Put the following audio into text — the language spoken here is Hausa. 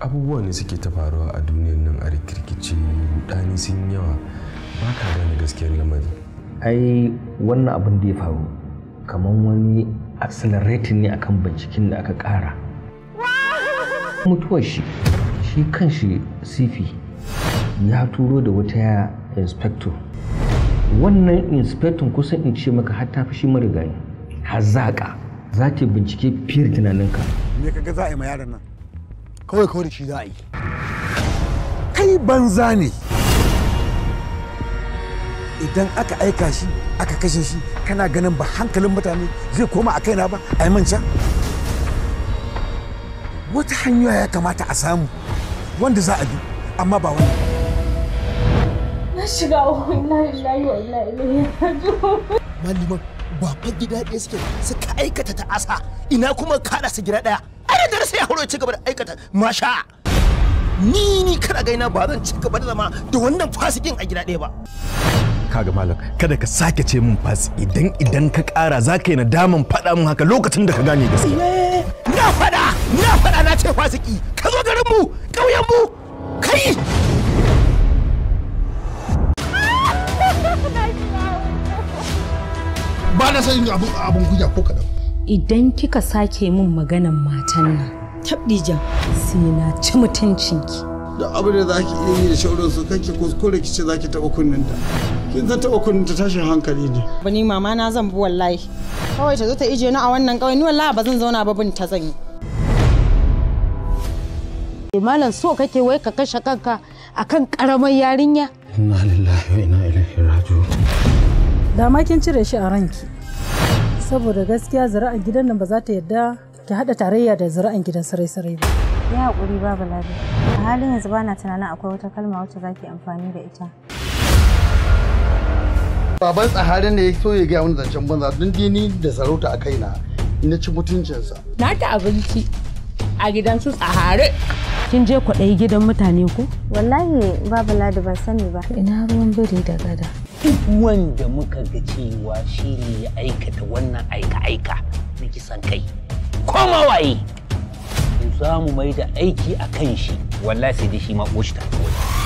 abubuwan ne suke ta faruwa a duniyar nan a rikirkice rudani sun yawa ba ka gane gaskiyar lamari ai wannan abin da ya faru kamar wani accelerating ne akan binciken da aka kara mutuwar shi shi kan shi sifi ya turo da wata inspector wannan inspector kusan in ce maka har ta fi shi marigayi hazaƙa za ta bincike fiye da tunaninka me kaga za a yi ma yaron nan kawai kawai da shi za a yi kai banza ne idan aka aika shi aka kashe shi kana ganin ba hankalin mutane zai koma a kaina ba a yi manca wata hanya ya kamata a samu wanda za a bi amma ba wani na shiga na layi wa layi ilaihi raji'un ba fa gida ɗaya suke suka aikata ta'asa ina kuma kada su gida ɗaya ana da sai hauro ci gaba da aikata masha ni ni kana gaina ba zan ci gaba da zama da wannan fasikin a gida ɗaya ba kaga malam kada ka sake ce min fas idan idan ka kara za ka yi nadaman faɗa min haka lokacin da ka gane gaskiya eh, na faɗa na faɗa na ce fasiki ka zo garin mu ƙauyen mu kai ba na san abun abun kuya ko kaɗan idan kika sake min maganan matan nan tabdija sai na ci mutuncinki da abin da zaki iya yi da su kanki kuskure ki ce zaki taɓa kunninta kin san taɓa kunninta tashin hankali ne ba ni mama na zan bi wallahi kawai ta zo ta ije ni a wannan kawai ni wallahi ba zan zauna ba bin ta zan yi eh, malam so kake wai ka kashe kanka akan karamar yarinya inna lillahi wa inna ilaihi raji'un da ma kin cire shi a ranki saboda gaskiya zira'an gidan nan ba za ta yadda ki haɗa tarayya da zira'an gidan sarai-sarai ba. Ya haƙuri babu labi. A halin yanzu bana na tunanin akwai wata kalma wacce za ki amfani da ita. Baban tsaharin ne ya so ya gaya wani zancen banza don dini da sarauta a kaina na ci mutuncinsa. Na ta abinci a gidan su tsahari. Kin je kwaɗayi gidan mutane ko? Wallahi babu ladi ban sani ba. Ina ruwan biri da gada. duk wanda muka ga cewa shi ne ya aikata wannan aika-aika na kisan kai koma waye za mu mai da aiki a kan shi wallahi sai dai shi ma ta